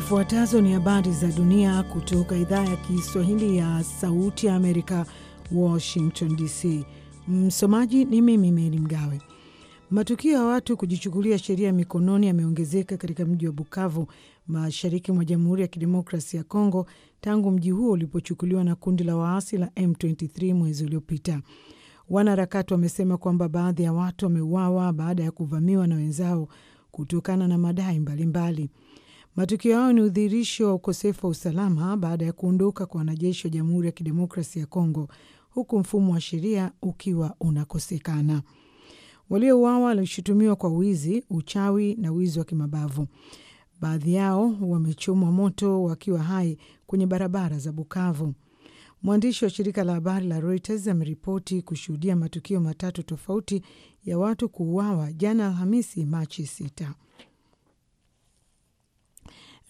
Zifuatazo ni habari za dunia kutoka idhaa ya Kiswahili ya Sauti ya Amerika, Washington DC. Msomaji ni mimi Meri Mgawe. Matukio ya watu kujichukulia sheria mikononi yameongezeka katika mji wa Bukavu, mashariki mwa Jamhuri ya Kidemokrasi ya Kongo tangu mji huo ulipochukuliwa na kundi la waasi la M23 mwezi uliopita. Wanaharakati wamesema kwamba baadhi ya watu wameuawa baada ya kuvamiwa na wenzao kutokana na madai mbalimbali mbali. Matukio hayo ni udhihirisho wa ukosefu wa usalama baada ya kuondoka kwa wanajeshi wa Jamhuri ya Kidemokrasia ya Kongo, huku mfumo wa sheria ukiwa unakosekana. Waliouawa walishutumiwa kwa wizi, uchawi na wizi wa kimabavu. Baadhi yao wamechomwa moto wakiwa hai kwenye barabara za Bukavu. Mwandishi wa shirika la habari la Reuters ameripoti kushuhudia matukio matatu tofauti ya watu kuuawa jana Alhamisi, Machi sita.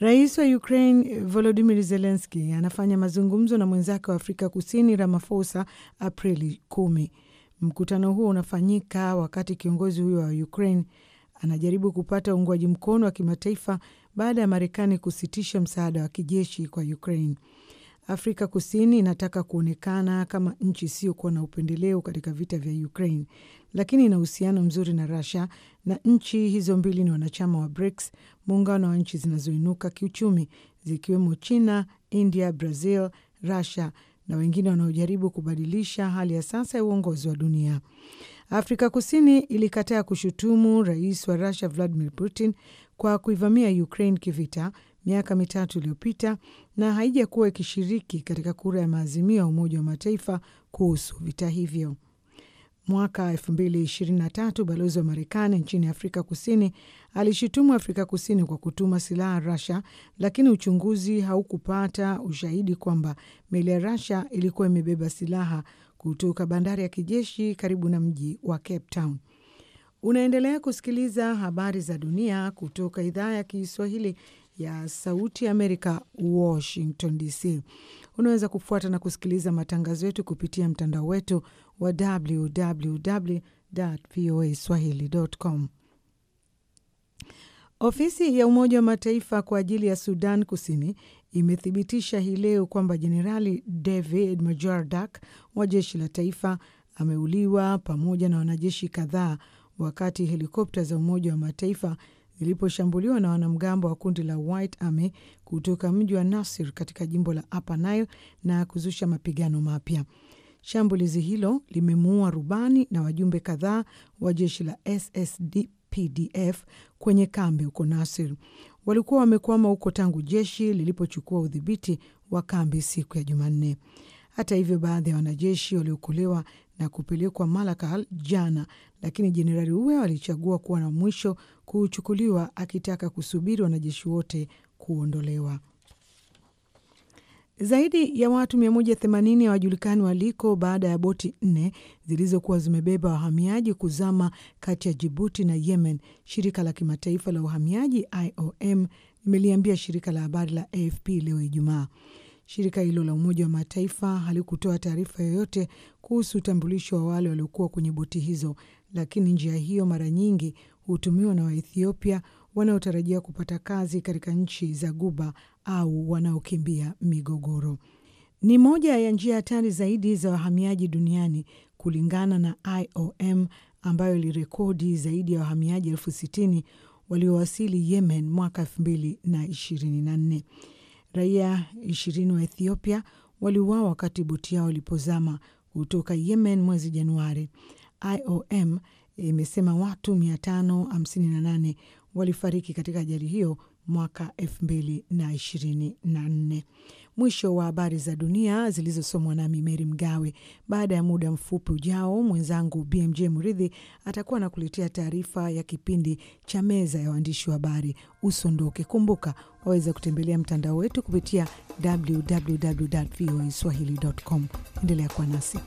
Rais wa Ukraine volodimir zelenski anafanya mazungumzo na mwenzake wa Afrika Kusini ramafosa Aprili kumi. Mkutano huo unafanyika wakati kiongozi huyo wa Ukraine anajaribu kupata uungwaji mkono wa kimataifa baada ya Marekani kusitisha msaada wa kijeshi kwa Ukraine. Afrika Kusini inataka kuonekana kama nchi isiyokuwa na upendeleo katika vita vya Ukraine, lakini ina uhusiano mzuri na Russia na nchi hizo mbili ni wanachama wa BRICS, muungano wa nchi zinazoinuka kiuchumi zikiwemo China, India, Brazil, Russia na wengine wanaojaribu kubadilisha hali ya sasa ya uongozi wa dunia. Afrika Kusini ilikataa kushutumu rais wa Russia Vladimir Putin kwa kuivamia Ukraine kivita miaka mitatu iliyopita na haijakuwa ikishiriki katika kura ya maazimio ya Umoja wa Mataifa kuhusu vita hivyo. Mwaka 2023 balozi wa Marekani nchini Afrika Kusini alishutumu Afrika Kusini kwa kutuma silaha Rasha, lakini uchunguzi haukupata ushahidi kwamba meli ya Rasha ilikuwa imebeba silaha kutoka bandari ya kijeshi karibu na mji wa Cape Town. Unaendelea kusikiliza habari za dunia kutoka idhaa ya Kiswahili ya Sauti Amerika, Washington DC. Unaweza kufuata na kusikiliza matangazo yetu kupitia mtandao wetu wa www voa swahili.com. Ofisi ya Umoja wa Mataifa kwa ajili ya Sudan Kusini imethibitisha hii leo kwamba Jenerali David Majordak wa jeshi la taifa ameuliwa pamoja na wanajeshi kadhaa wakati helikopta za Umoja wa Mataifa iliposhambuliwa na wanamgambo wa kundi la White Army kutoka mji wa Nasir katika jimbo la Upper Nile na kuzusha mapigano mapya. Shambulizi hilo limemuua rubani na wajumbe kadhaa wa jeshi la SSPDF kwenye kambi huko Nasir. Walikuwa wamekwama huko tangu jeshi lilipochukua udhibiti wa kambi siku ya Jumanne. Hata hivyo, baadhi ya wanajeshi waliokolewa na kupelekwa Malakal jana, lakini jenerali huyo alichagua kuwa na mwisho kuchukuliwa, akitaka kusubiri wanajeshi wote kuondolewa. Zaidi ya watu 180 hawajulikani waliko baada ya boti nne zilizokuwa zimebeba wahamiaji kuzama kati ya Jibuti na Yemen. Shirika la kimataifa la uhamiaji IOM limeliambia shirika la habari la AFP leo Ijumaa. Shirika hilo la Umoja wa Mataifa halikutoa taarifa yoyote kuhusu utambulisho wa wale waliokuwa kwenye boti hizo, lakini njia hiyo mara nyingi hutumiwa na Waethiopia wanaotarajia kupata kazi katika nchi za Guba au wanaokimbia migogoro. Ni moja ya njia hatari zaidi za wahamiaji duniani kulingana na IOM ambayo ilirekodi zaidi ya wahamiaji elfu sitini waliowasili Yemen mwaka elfu mbili na ishirini na nne. Raia ishirini wa Ethiopia waliuawa wakati boti yao ilipozama kutoka Yemen mwezi Januari. IOM imesema watu 558 walifariki katika ajali hiyo mwaka 2024. Mwisho wa habari za dunia zilizosomwa nami Meri Mgawe. Baada ya muda mfupi ujao, mwenzangu BMJ Mridhi atakuwa anakuletea taarifa ya kipindi cha meza ya waandishi wa habari. Usondoke, kumbuka waweza kutembelea mtandao wetu kupitia www swahili.com. Endelea kuwa nasi.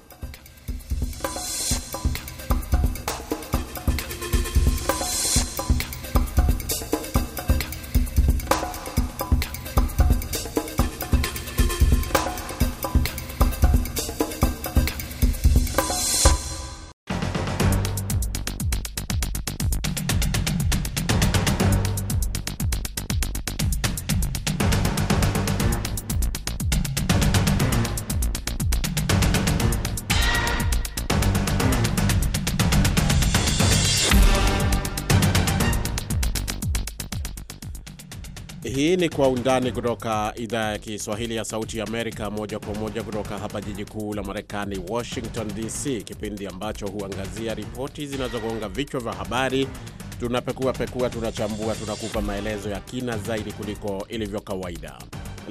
undani kutoka idhaa ya Kiswahili ya Sauti ya Amerika, moja kwa moja kutoka hapa jiji kuu la Marekani, Washington DC, kipindi ambacho huangazia ripoti zinazogonga vichwa vya habari. Tunapekua pekua, tunachambua, tunakupa maelezo ya kina zaidi kuliko ilivyo kawaida.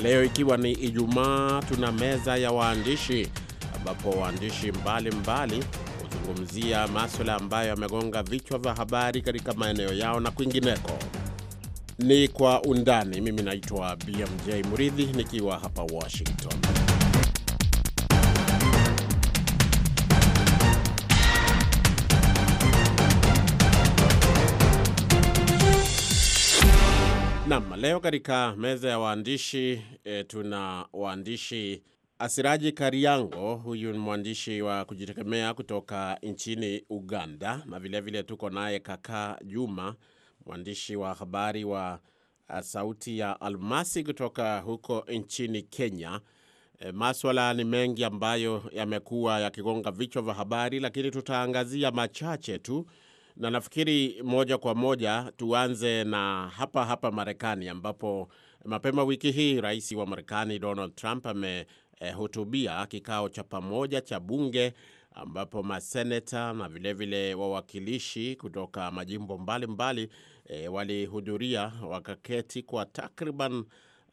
Leo ikiwa ni Ijumaa, tuna meza ya waandishi ambapo waandishi mbalimbali huzungumzia maswala ambayo yamegonga vichwa vya habari katika maeneo yao na kwingineko ni Kwa Undani. Mimi naitwa BMJ Muridhi nikiwa hapa Washington. Nam, leo katika meza ya waandishi e, tuna waandishi Asiraji Kariango, huyu ni mwandishi wa kujitegemea kutoka nchini Uganda, na vilevile tuko naye Kaka Juma mwandishi wa habari wa uh, Sauti ya Almasi kutoka huko nchini Kenya. E, maswala ni mengi ambayo yamekuwa yakigonga vichwa vya habari, lakini tutaangazia machache tu, na nafikiri moja kwa moja tuanze na hapa hapa Marekani ambapo mapema wiki hii rais wa Marekani Donald Trump amehutubia eh, kikao cha pamoja cha bunge ambapo maseneta na vilevile wawakilishi kutoka majimbo mbalimbali mbali e, walihudhuria wakaketi kwa takriban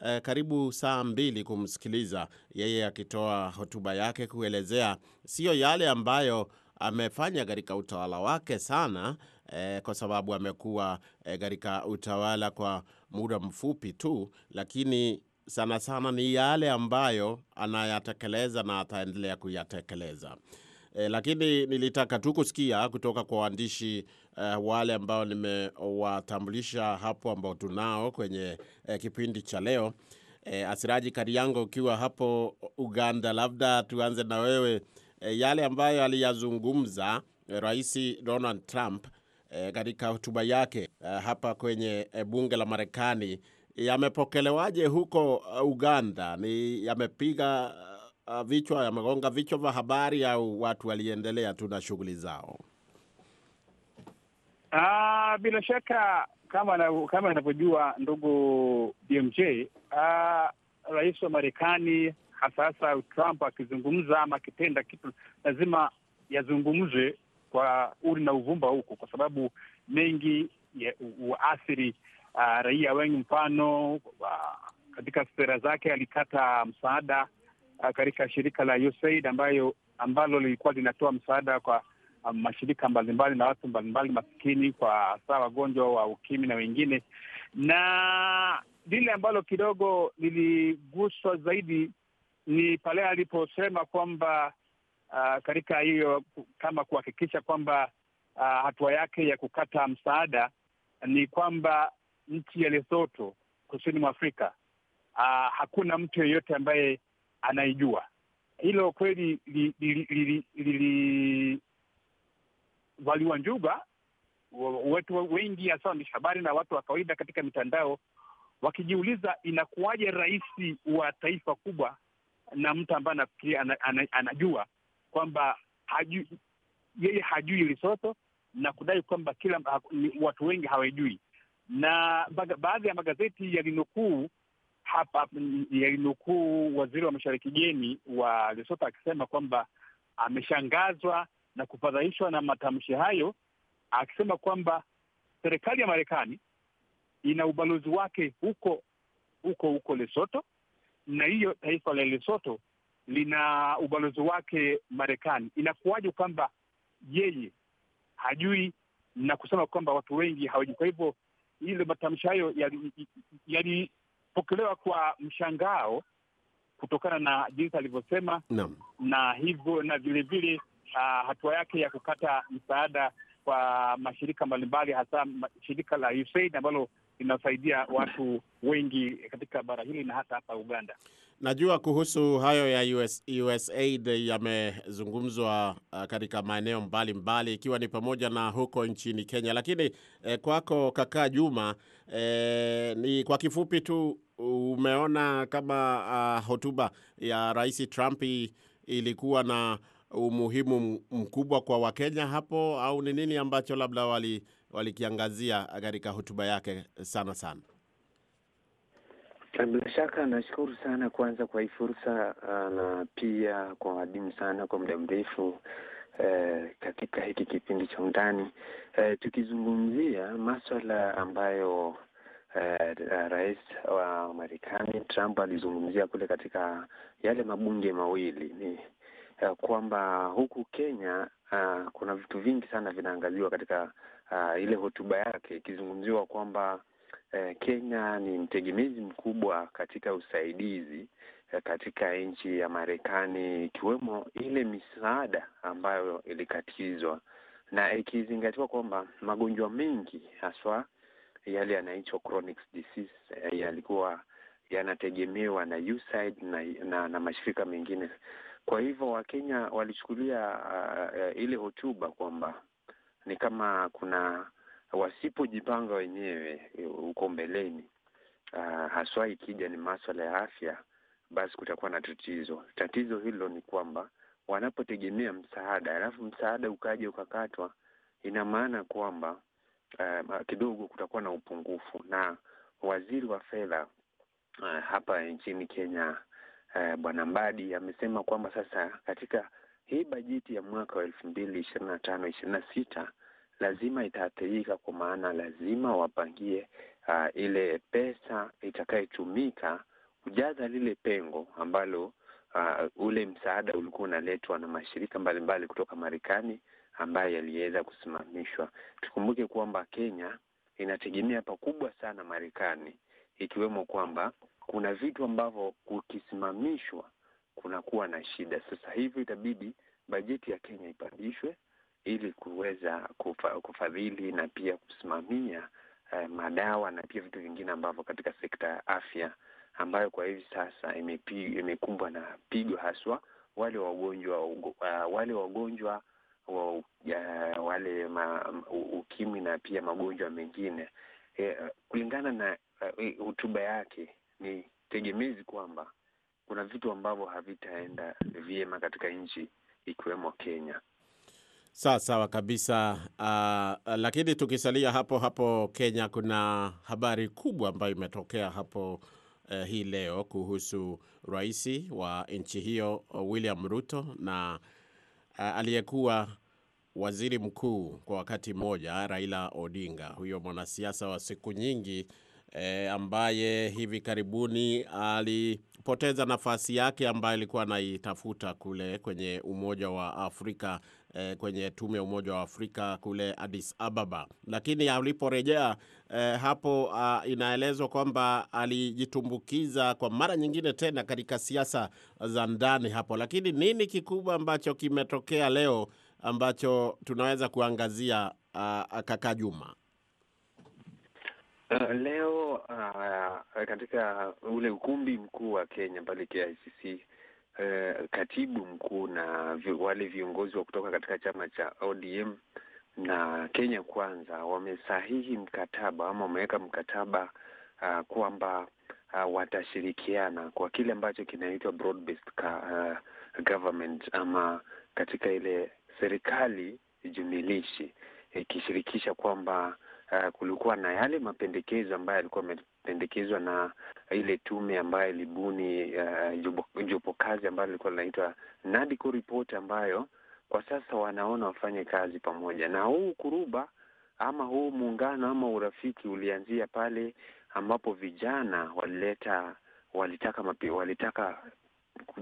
e, karibu saa mbili kumsikiliza yeye akitoa hotuba yake kuelezea siyo yale ambayo amefanya katika utawala wake sana e, kwa sababu amekuwa e, katika e, utawala kwa muda mfupi tu, lakini sana sana ni yale ambayo anayatekeleza na ataendelea kuyatekeleza e, lakini nilitaka tu kusikia kutoka kwa waandishi uh, wale ambao nimewatambulisha hapo ambao tunao kwenye uh, kipindi cha leo e, Asiraji Kariango, ukiwa hapo Uganda, labda tuanze na wewe e, yale ambayo aliyazungumza e, Rais Donald Trump e, katika hotuba yake e, hapa kwenye e, bunge la Marekani yamepokelewaje huko Uganda? Ni yamepiga uh, vichwa yamegonga vichwa vya habari au watu waliendelea tu na shughuli zao? Ah, bila shaka kama na, kama anavyojua ndugu BMJ ah, rais wa Marekani hasa hasa Trump akizungumza ama akitenda kitu lazima yazungumzwe kwa uli na uvumba huko, kwa sababu mengi huathiri uh, ah, raia wengi. Mfano uh, katika sera zake alikata msaada Uh, katika shirika la USAID ambayo ambalo lilikuwa linatoa msaada kwa um, mashirika mbalimbali na watu mbalimbali masikini, kwa hasa wagonjwa wa ukimi na wengine. Na lile ambalo kidogo liliguswa zaidi ni pale aliposema kwamba uh, katika hiyo kama kuhakikisha kwamba uh, hatua yake ya kukata msaada ni kwamba nchi ya Lesotho kusini mwa Afrika uh, hakuna mtu yeyote ambaye anaijua. Hilo kweli lilivaliwa njuga watu wengi, hasa waandishi habari na watu wa kawaida katika mitandao, wakijiuliza inakuwaje rais wa taifa kubwa na mtu ambaye anafikiria ana, ana, anajua kwamba yeye hajui lisoto na kudai kwamba kila watu wengi hawajui, na baadhi ya magazeti yalinukuu hapa yalinukuu waziri wa mashariki geni wa Lesotho akisema kwamba ameshangazwa na kufadhaishwa na matamshi hayo, akisema kwamba serikali ya Marekani ina ubalozi wake huko huko huko Lesotho, na hiyo taifa la Lesotho lina ubalozi wake Marekani. Inakuwaje kwamba yeye hajui na kusema kwamba watu wengi hawajui? Kwa hivyo ile matamshi hayo yali, yali kupokelewa kwa mshangao kutokana na jinsi alivyosema no. na hivyo na vilevile uh, ah, hatua yake ya kukata msaada kwa mashirika mbalimbali hasa shirika la USAID ambalo linasaidia watu wengi katika bara hili na hata hapa Uganda. Najua kuhusu hayo ya US, USAID yamezungumzwa uh, katika maeneo mbalimbali ikiwa ni pamoja na huko nchini Kenya, lakini eh, kwako kakaa Juma E, ni kwa kifupi tu umeona kama uh, hotuba ya Rais Trump ilikuwa na umuhimu mkubwa kwa Wakenya hapo au ni nini ambacho labda walikiangazia katika hotuba yake sana sana? Bila shaka nashukuru sana kwanza kwa hii fursa ah, na pia kwa wadimu sana kwa muda mrefu eh, katika hiki kipindi cha undani eh, tukizungumzia maswala ambayo eh, rais wa Marekani Trump alizungumzia kule katika yale mabunge mawili ni eh, kwamba huku Kenya a, ah, kuna vitu vingi sana vinaangaziwa katika a, ah, ile hotuba yake ikizungumziwa kwamba e, Kenya ni mtegemezi mkubwa katika usaidizi eh, katika nchi ya Marekani ikiwemo ile misaada ambayo ilikatizwa na ikizingatiwa kwamba magonjwa mengi haswa yale yanaitwa chronic disease eh, yalikuwa yanategemewa na USAID na, na, na mashirika mengine. Kwa hivyo Wakenya walichukulia uh, ile hotuba kwamba ni kama kuna wasipojipanga wenyewe huko mbeleni uh, haswa ikija ni maswala ya afya, basi kutakuwa na tatizo. Tatizo hilo ni kwamba wanapotegemea msaada, alafu msaada ukaja ukakatwa, ina maana kwamba uh, kidogo kutakuwa na upungufu. Na waziri wa fedha uh, hapa nchini Kenya uh, Bwana Mbadi amesema kwamba sasa katika hii bajeti ya mwaka wa elfu mbili ishirini na tano ishirini na sita lazima itaathirika kwa maana lazima wapangie uh, ile pesa itakayotumika kujaza lile pengo ambalo uh, ule msaada ulikuwa unaletwa na mashirika mbalimbali mbali kutoka Marekani ambayo yaliweza kusimamishwa. Tukumbuke kwamba Kenya inategemea pakubwa sana Marekani, ikiwemo kwamba kuna vitu ambavyo kukisimamishwa kunakuwa na shida. Sasa hivyo itabidi bajeti ya Kenya ipandishwe ili kuweza kufa, kufadhili na pia kusimamia eh, madawa na pia vitu vingine ambavyo katika sekta ya afya ambayo kwa hivi sasa imekumbwa na pigo haswa wale wagonjwa uh, wale wagonjwa wa uh, wale ma, ukimwi na pia magonjwa mengine uh, kulingana na uh, hotuba uh, yake ni tegemezi kwamba kuna vitu ambavyo havitaenda vyema katika nchi ikiwemo Kenya. Sawa sawa kabisa. Uh, lakini tukisalia hapo hapo Kenya, kuna habari kubwa ambayo imetokea hapo uh, hii leo kuhusu rais wa nchi hiyo William Ruto na uh, aliyekuwa waziri mkuu kwa wakati mmoja Raila Odinga, huyo mwanasiasa wa siku nyingi e, ambaye hivi karibuni alipoteza nafasi yake ambayo alikuwa anaitafuta kule kwenye Umoja wa Afrika e, kwenye tume ya Umoja wa Afrika kule Addis Ababa, lakini aliporejea e, hapo ah, inaelezwa kwamba alijitumbukiza kwa mara nyingine tena katika siasa za ndani hapo. Lakini nini kikubwa ambacho kimetokea leo ambacho tunaweza kuangazia a, ah, a, kaka Juma? Uh, leo uh, katika ule ukumbi mkuu wa Kenya pale KICC uh, katibu mkuu na wale viongozi wa kutoka katika chama cha ODM na Kenya Kwanza wamesahihi mkataba ama wameweka mkataba uh, kwamba uh, watashirikiana kwa kile ambacho kinaitwa broad-based uh, government ama katika ile serikali jumilishi ikishirikisha kwamba uh, kulikuwa na yale mapendekezo ambayo yalikuwa amependekezwa na ile tume ambayo ilibuni uh, jopo kazi ambayo ilikuwa linaitwa NADCO report ambayo kwa sasa wanaona wafanye kazi pamoja, na huu kuruba ama huu muungano ama urafiki ulianzia pale ambapo vijana walileta walitaka mapi, walitaka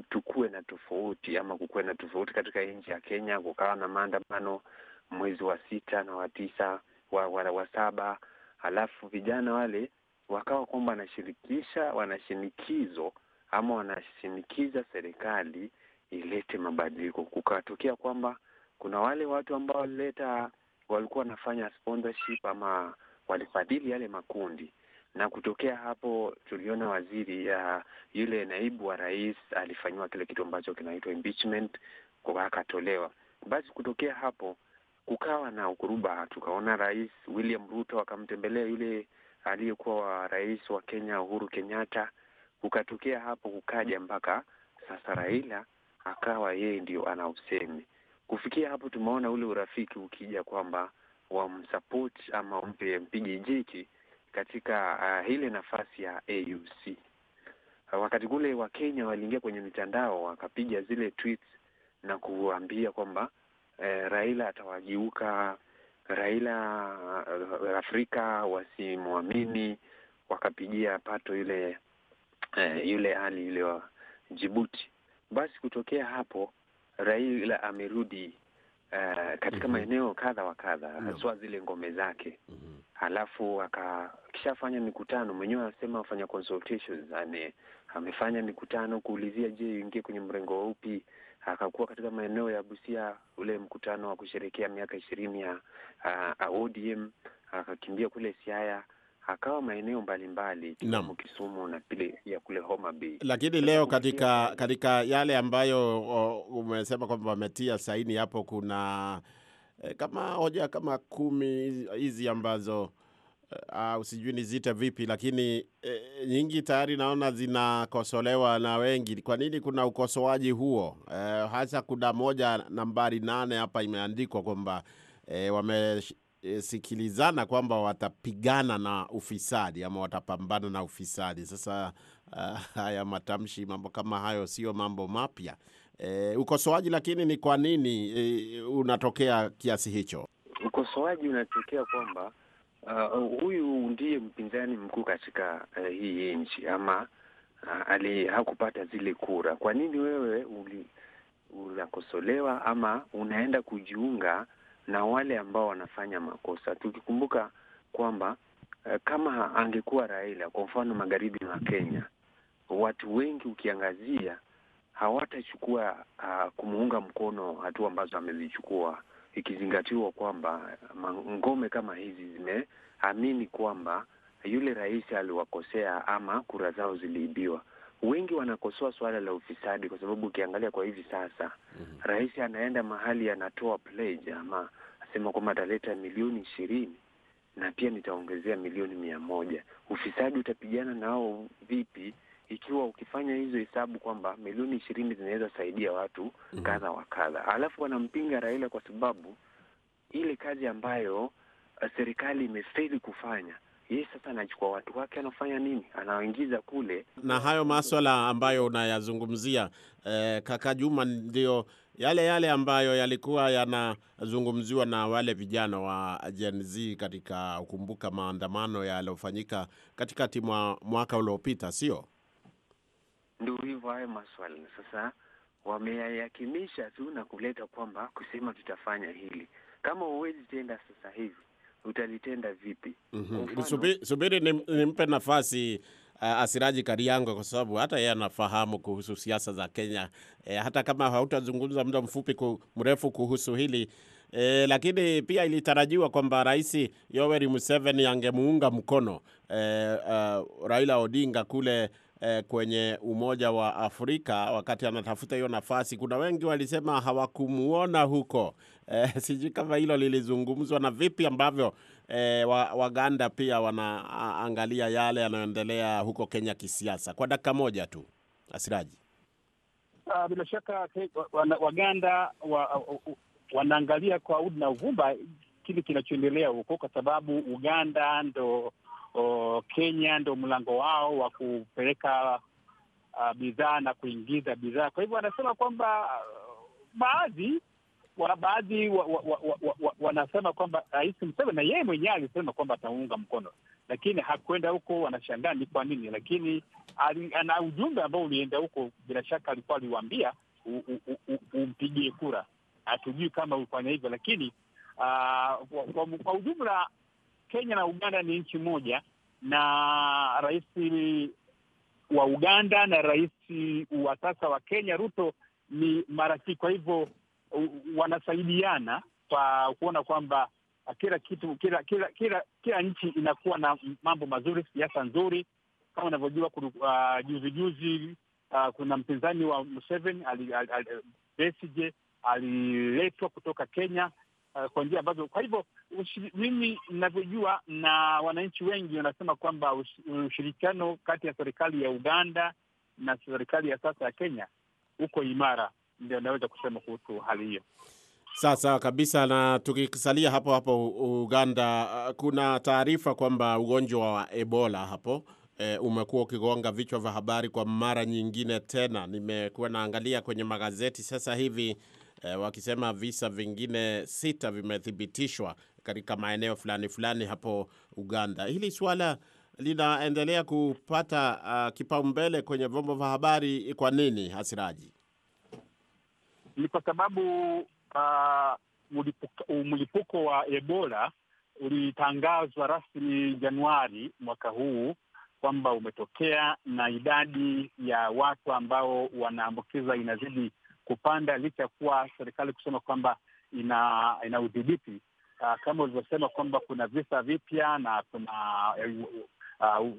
tukuwe na tofauti ama kukuwe na tofauti katika nchi ya Kenya. Kukawa na maandamano mwezi wa sita na wa tisa wa, wa, wa saba, halafu vijana wale wakawa kwamba wanashirikisha wanashinikizo ama wanashinikiza serikali ilete mabadiliko. Kukatokea kwamba kuna wale watu ambao walileta walikuwa wanafanya sponsorship ama walifadhili yale makundi, na kutokea hapo tuliona waziri ya uh, yule naibu wa rais alifanyiwa kile kitu ambacho kinaitwa impeachment, akatolewa. Basi kutokea hapo kukawa na ukuruba. Tukaona Rais William Ruto akamtembelea yule aliyekuwa rais wa Kenya Uhuru Kenyatta, kukatokea hapo, kukaja mpaka sasa Raila akawa yeye ndio ana usemi. Kufikia hapo, tumeona ule urafiki ukija kwamba wamsupport ama mpe mpige jiki katika uh, ile nafasi ya AUC. Uh, wakati kule Wakenya waliingia kwenye mitandao wakapiga zile tweets na kuambia kwamba eh, Raila atawajiuka, Raila eh, Afrika wasimwamini, wakapigia pato yule eh, yule Ali yule wa Jibuti. Basi kutokea hapo Raila amerudi Uh, katika mhm. maeneo mm -hmm. kadha wa kadha haswa no. zile ngome zake mm -hmm. Alafu akishafanya mikutano mwenyewe anasema afanya consultations, amefanya mikutano kuulizia, je, ingie kwenye mrengo upi? akakuwa katika maeneo ya Busia, ule mkutano wa kusherehekea miaka ishirini ya ODM, akakimbia kule Siaya, akawa maeneo mbalimbali Kisumu, Kisumu na pile ya kule Homa Bay. Lakini leo katika katika yale ambayo umesema kwamba wametia saini hapo, kuna eh, kama hoja kama kumi hizi ambazo Eh, au sijui nizite vipi, lakini eh, nyingi tayari naona zinakosolewa na wengi. Kwa nini kuna ukosoaji huo? eh, hasa kuna moja nambari nane hapa imeandikwa kwamba eh, wamesikilizana kwamba watapigana na ufisadi ama watapambana na ufisadi. Sasa uh, haya matamshi, mambo kama hayo sio mambo mapya. eh, ukosoaji lakini ni kwa nini eh, unatokea kiasi hicho? Ukosoaji unatokea kwamba uh, huyu ndiye mpinzani mkuu katika uh, hii nchi ama uh, ali hakupata zile kura. Kwa nini wewe uli, unakosolewa ama unaenda kujiunga na wale ambao wanafanya makosa, tukikumbuka kwamba uh, kama angekuwa Raila kwa mfano magharibi mwa Kenya, watu wengi ukiangazia hawatachukua uh, kumuunga mkono hatua ambazo amezichukua ikizingatiwa kwamba ngome kama hizi zimeamini kwamba yule rais aliwakosea ama kura zao ziliibiwa. Wengi wanakosoa suala la ufisadi kwa sababu ukiangalia kwa hivi sasa mm -hmm. Rais anaenda mahali anatoa pledge ama asema kwamba ataleta milioni ishirini na pia nitaongezea milioni mia moja. Ufisadi utapigana nao vipi? ikiwa ukifanya hizo hesabu kwamba milioni ishirini zinaweza saidia watu mm -hmm. kadha wa kadha, alafu wanampinga Raila kwa sababu ile kazi ambayo uh, serikali imefeli kufanya yeye sasa anachukua watu wake, anafanya nini? Anawaingiza kule. Na hayo maswala ambayo unayazungumzia eh, kaka Juma, ndio yale yale ambayo yalikuwa yanazungumziwa na wale vijana wa Gen Z katika ukumbuka maandamano yaliyofanyika katikati mwa mwaka uliopita, sio? Ndio hivyo hayo maswala sasa wameyayakimisha tu na kuleta kwamba kusema tutafanya hili. Kama huwezi tenda sasa hivi utalitenda vipi? mm -hmm. Subiri, subiri nimpe nafasi uh, Asiraji Kariango kwa sababu hata yeye anafahamu kuhusu siasa za Kenya. E, hata kama hautazungumza muda mfupi ku, mrefu kuhusu hili e, lakini pia ilitarajiwa kwamba Rais Yoweri Museveni angemuunga mkono e, uh, Raila Odinga kule eh, kwenye Umoja wa Afrika wakati anatafuta hiyo nafasi. Kuna wengi walisema hawakumuona huko eh, sijui kama hilo lilizungumzwa na vipi ambavyo eh, Waganda pia wanaangalia yale yanayoendelea huko Kenya kisiasa. Kwa dakika moja tu, Asiraji. Uh, bila shaka Waganda wa, wanaangalia kwa udi na uvumba kile kinachoendelea huko, kwa sababu Uganda ndo o Kenya ndo mlango wao wa kupeleka uh, bidhaa na kuingiza bidhaa. Kwa hivyo wanasema kwamba baadhi wa baadhi wa, wa, wa, wa, wa, wanasema kwamba Rais Museveni na yeye mwenyewe alisema kwamba ataunga mkono, lakini hakwenda huko. Wanashangaa ni kwa nini, lakini ana ujumbe ambao ulienda huko. Bila shaka alikuwa aliwaambia umpigie kura, hatujui kama ulifanya hivyo, lakini uh, kwa, kwa, kwa ujumla Kenya na Uganda ni nchi moja, na rais wa Uganda na rais wa sasa wa Kenya Ruto ni marafiki. Kwa hivyo wanasaidiana kwa kuona kwamba kila kitu kila kila kila kila nchi inakuwa na mambo mazuri, siasa nzuri. Kama unavyojua uh, juzi juzi uh, kuna mpinzani wa Museveni Besigye aliletwa kutoka Kenya uh, kwa njia ambazo, kwa hivyo mimi ninavyojua na wananchi wengi wanasema kwamba ushirikiano kati ya serikali ya Uganda na serikali ya sasa ya Kenya uko imara, ndio naweza kusema kuhusu hali hiyo. Sawa sawa kabisa. Na tukisalia hapo hapo Uganda, eh, kuna taarifa kwamba ugonjwa wa Ebola hapo e, umekuwa ukigonga vichwa vya habari kwa mara nyingine tena. Nimekuwa naangalia kwenye magazeti sasa hivi e, wakisema visa vingine sita vimethibitishwa katika maeneo fulani fulani hapo Uganda. Hili swala linaendelea kupata uh, kipaumbele kwenye vyombo vya habari. Kwa nini, Hasiraji? Ni kwa sababu uh, mlipuko wa Ebola ulitangazwa rasmi Januari mwaka huu kwamba umetokea na idadi ya watu ambao wanaambukiza inazidi kupanda licha ya kuwa serikali kusema kwamba ina ina udhibiti. Uh, kama ulivyosema kwamba kuna visa vipya na kuna uh, uh,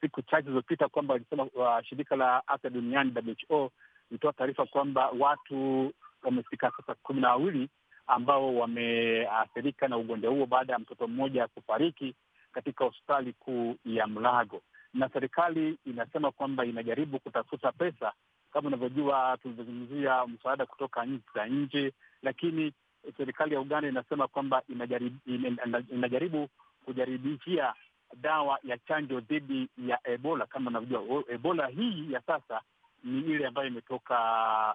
siku chache zilizopita kwamba walisema uh, shirika la afya duniani WHO ilitoa taarifa kwamba watu wamefika sasa kumi na wawili ambao wameathirika na ugonjwa huo baada ya mtoto mmoja kufariki katika hospitali kuu ya Mlago, na serikali inasema kwamba inajaribu kutafuta pesa kama unavyojua, tulivyozungumzia msaada kutoka nchi za nje, lakini serikali ya Uganda inasema kwamba inajaribu, inajaribu kujaribishia dawa ya chanjo dhidi ya Ebola. Kama unavyojua, Ebola hii ya sasa ni ile ambayo imetoka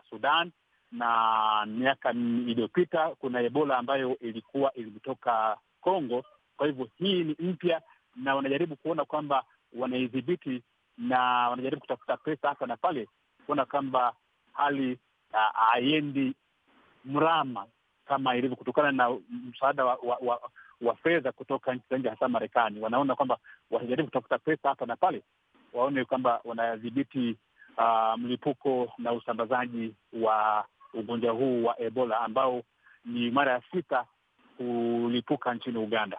Sudan na miaka iliyopita kuna Ebola ambayo ilikuwa ilitoka Congo. Kwa hivyo hii ni mpya, na wanajaribu kuona kwamba wanaidhibiti, na wanajaribu kutafuta pesa hapa na pale kuona kwamba hali ah, haiendi mrama kama ilivyo, kutokana na msaada wa, wa, wa, wa fedha kutoka nchi za nje, hasa Marekani. Wanaona kwamba wasijaribu kutafuta pesa hapa na pale, waone kwamba wanadhibiti uh, ah, mlipuko na usambazaji wa ugonjwa huu wa Ebola ambao ni mara ya sita kulipuka nchini Uganda.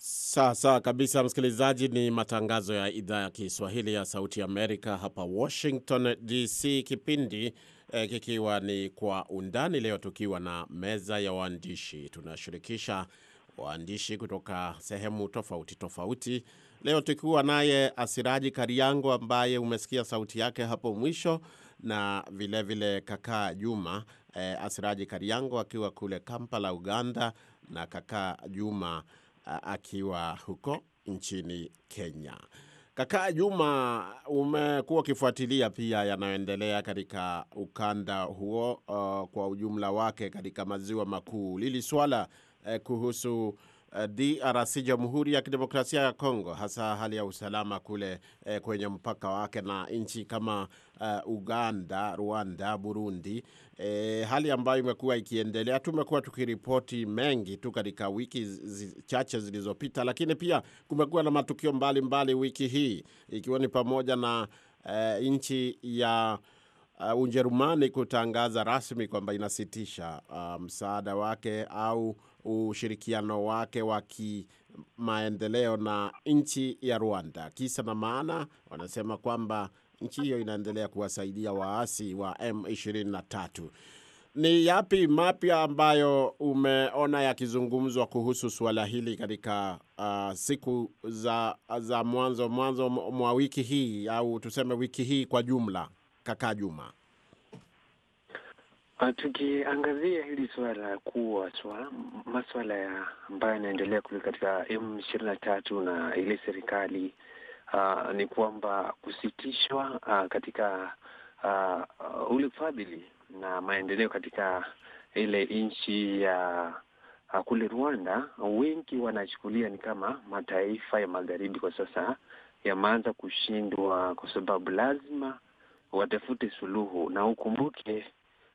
Sawa sawa kabisa, msikilizaji. Ni matangazo ya idhaa ya Kiswahili ya Sauti Amerika hapa Washington DC, kipindi eh, kikiwa ni Kwa Undani. Leo tukiwa na meza ya waandishi, tunashirikisha waandishi kutoka sehemu tofauti tofauti. Leo tukiwa naye Asiraji Kariango ambaye umesikia sauti yake hapo mwisho na vilevile vile kakaa Juma eh, Asiraji Kariango akiwa kule Kampala, Uganda, na kakaa Juma akiwa huko nchini Kenya. Kaka Juma, umekuwa ukifuatilia pia yanayoendelea katika ukanda huo uh, kwa ujumla wake katika maziwa makuu. Lili swala uh, kuhusu uh, e, DRC, Jamhuri ya Kidemokrasia ya Kongo, hasa hali ya usalama kule eh, kwenye mpaka wake na nchi kama uh, Uganda, Rwanda, Burundi e, hali ambayo imekuwa ikiendelea. Tumekuwa tukiripoti mengi tu katika wiki zi, chache zilizopita, lakini pia kumekuwa na matukio mbalimbali mbali wiki hii ikiwa ni pamoja na e, nchi ya uh, Ujerumani kutangaza rasmi kwamba inasitisha uh, msaada wake au ushirikiano wake wa kimaendeleo na nchi ya Rwanda. Kisa na maana, wanasema kwamba nchi hiyo inaendelea kuwasaidia waasi wa M23. Ni yapi mapya ambayo umeona yakizungumzwa kuhusu suala hili katika uh, siku za, za mwanzo mwanzo mwa wiki hii au tuseme wiki hii kwa jumla, kaka Juma? Ah, tukiangazia hili suala kuwa suala maswala ya ambayo yanaendelea kule katika M ishirini na tatu na ile serikali uh, ni kwamba kusitishwa uh, katika uh, uh, ule ufadhili na maendeleo katika ile nchi ya uh, uh, kule Rwanda, wengi wanachukulia ni kama mataifa ya magharibi kwa sasa yameanza kushindwa, kwa sababu lazima watafute suluhu, na ukumbuke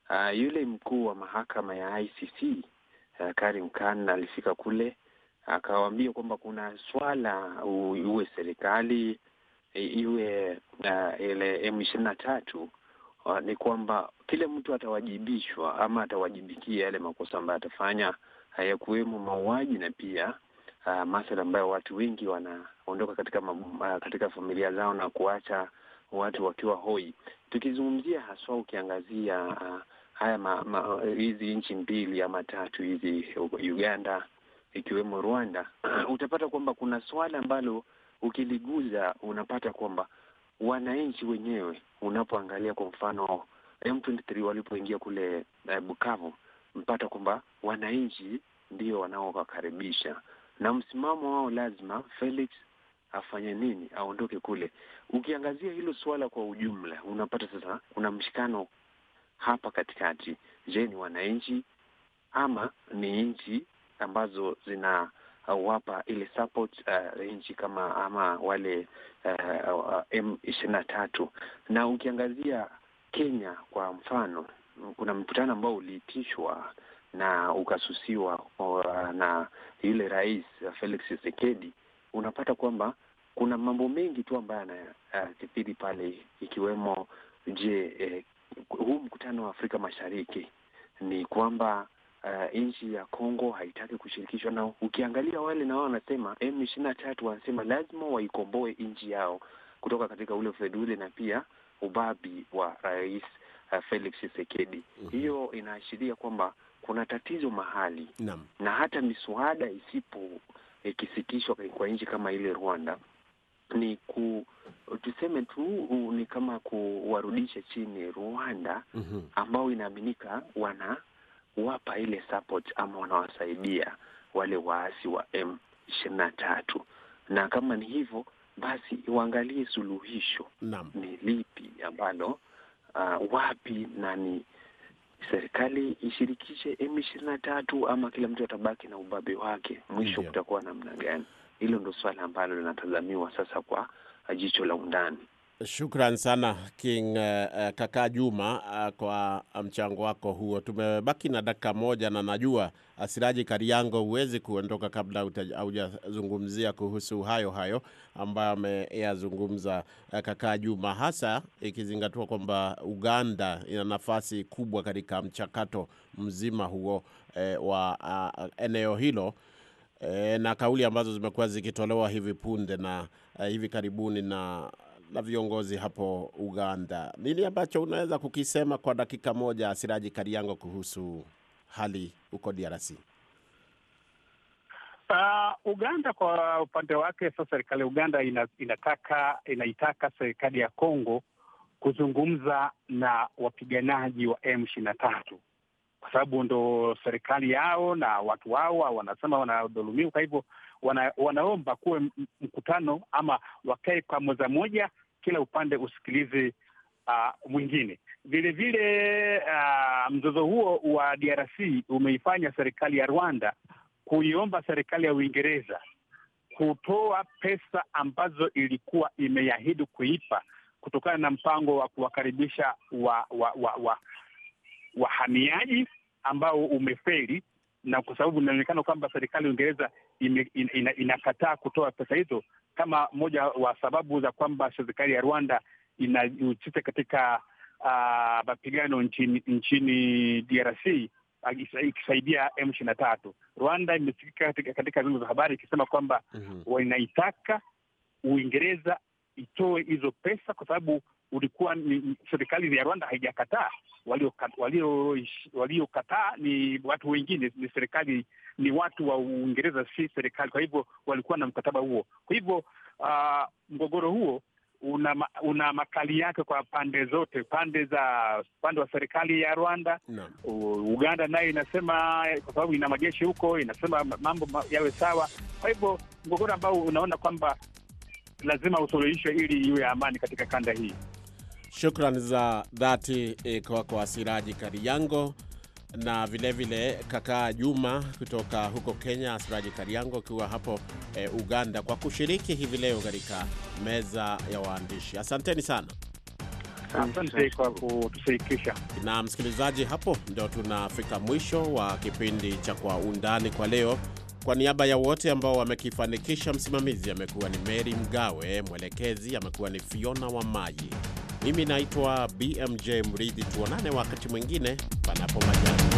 uh, yule mkuu wa mahakama ya ICC uh, Karim Khan alifika kule akawaambia kwamba kuna swala u, uwe serikali iwe uh, ile M ishirini na tatu uh, ni kwamba kila mtu atawajibishwa ama atawajibikia yale makosa ambayo atafanya, hayakuwemo mauaji na pia uh, masala ambayo watu wengi wanaondoka katika uh, katika familia zao na kuacha watu wakiwa hoi. Tukizungumzia haswa, ukiangazia uh, haya hizi nchi mbili ama tatu hizi Uganda ikiwemo Rwanda, utapata kwamba kuna swala ambalo ukiliguza unapata kwamba wananchi wenyewe, unapoangalia kwa mfano M23 walipoingia kule eh, Bukavu, mpata kwamba wananchi ndio wanaowakaribisha na msimamo wao, lazima Felix afanye nini, aondoke kule. Ukiangazia hilo suala kwa ujumla, unapata sasa kuna mshikano hapa katikati. Je, ni wananchi ama ni nchi ambazo zina uh, wapa ile support uh, nchi kama ama wale uh, uh, M ishirini na tatu. Na ukiangazia Kenya kwa mfano, kuna mkutano ambao uliitishwa na ukasusiwa na yule rais Felix Tshisekedi. Unapata kwamba kuna mambo mengi tu ambayo yanakithiri uh, pale, ikiwemo je, eh, huu mkutano wa Afrika Mashariki ni kwamba uh, nchi ya Kongo haitaki kushirikishwa, na ukiangalia wale na wao wanasema M ishirini na tatu wanasema lazima waikomboe nchi yao kutoka katika ule ufedhuli na pia ubabi wa rais uh, Felix Tshisekedi. mm -hmm. Hiyo inaashiria kwamba kuna tatizo mahali na, na hata miswada isipo ikisikishwa eh, kwa nchi kama ile Rwanda ni ku tuseme tu ni kama kuwarudisha chini Rwanda mhm. ambao inaaminika wana kuwapa ile support ama wanawasaidia wale waasi wa M 23 na tatu, na kama ni hivyo basi uangalie suluhisho Naam. ni lipi ambalo uh, wapi na ni serikali ishirikishe M ishirini na tatu ama kila mtu atabaki na ubabe wake, mwisho kutakuwa namna gani? Hilo ndo swala ambalo linatazamiwa sasa kwa jicho la undani. Shukran sana King uh, kaka Juma uh, kwa mchango wako huo. Tumebaki na dakika moja, na najua Asiraji Kariango, huwezi kuondoka kabla haujazungumzia kuhusu hayo hayo ambayo ameyazungumza uh, kaka Juma, hasa ikizingatiwa kwamba Uganda ina nafasi kubwa katika mchakato mzima huo uh, wa uh, eneo hilo uh, na kauli ambazo zimekuwa zikitolewa hivi punde na uh, hivi karibuni na na viongozi hapo Uganda. Nini ambacho unaweza kukisema kwa dakika moja, Siraji Kariango, kuhusu hali huko DRC? Uh, Uganda kwa upande wake sasa, serikali ya Uganda ina, inataka inaitaka serikali ya Kongo kuzungumza na wapiganaji wa M ishirini na tatu kwa sababu ndo serikali yao na watu wao wanasema wanadhulumiwa. Kwa hivyo wana, wanaomba kuwe mkutano ama wakae kwa meza moja, kila upande usikilize uh, mwingine. Vilevile uh, mzozo huo wa DRC umeifanya serikali ya Rwanda kuiomba serikali ya Uingereza kutoa pesa ambazo ilikuwa imeahidi kuipa kutokana na mpango wa kuwakaribisha wa, wa, wa, wa wahamiaji ambao umefeli na kwa sababu inaonekana kwamba serikali ya Uingereza inakataa ina, ina kutoa pesa hizo kama moja wa sababu za kwamba serikali ya Rwanda inajihusisha katika uh, mapigano nchini, nchini DRC ikisaidia M ishirini na tatu. Rwanda imesikika katika, katika vyombo vya habari ikisema kwamba mm -hmm. wanaitaka Uingereza itoe hizo pesa kwa sababu ulikuwa ni serikali ya Rwanda haijakataa. Waliokataa walio, walio ni watu wengine, ni serikali, ni watu wa Uingereza, si serikali. Kwa hivyo walikuwa na mkataba huo. Kwa hivyo uh, mgogoro huo una, una makali yake kwa pande zote, pande za upande wa serikali ya Rwanda no. Uganda nayo inasema kwa sababu ina majeshi huko, inasema mambo yawe sawa. Kwa hivyo mgogoro ambao unaona kwamba lazima usuluhishwe ili iwe amani katika kanda hii shukran za dhati e, kwako Asiraji Kariango na vilevile kakaa Juma kutoka huko Kenya, Asiraji Kariango akiwa hapo e, Uganda, kwa kushiriki hivi leo katika meza ya waandishi. Asanteni sana. Na msikilizaji, hapo ndio tunafika mwisho wa kipindi cha Kwa Undani kwa leo. Kwa niaba ya wote ambao wamekifanikisha, msimamizi amekuwa ni Meri Mgawe, mwelekezi amekuwa ni Fiona wa Maji. Mimi naitwa BMJ Mridhi, tuonane wakati mwingine, panapo majani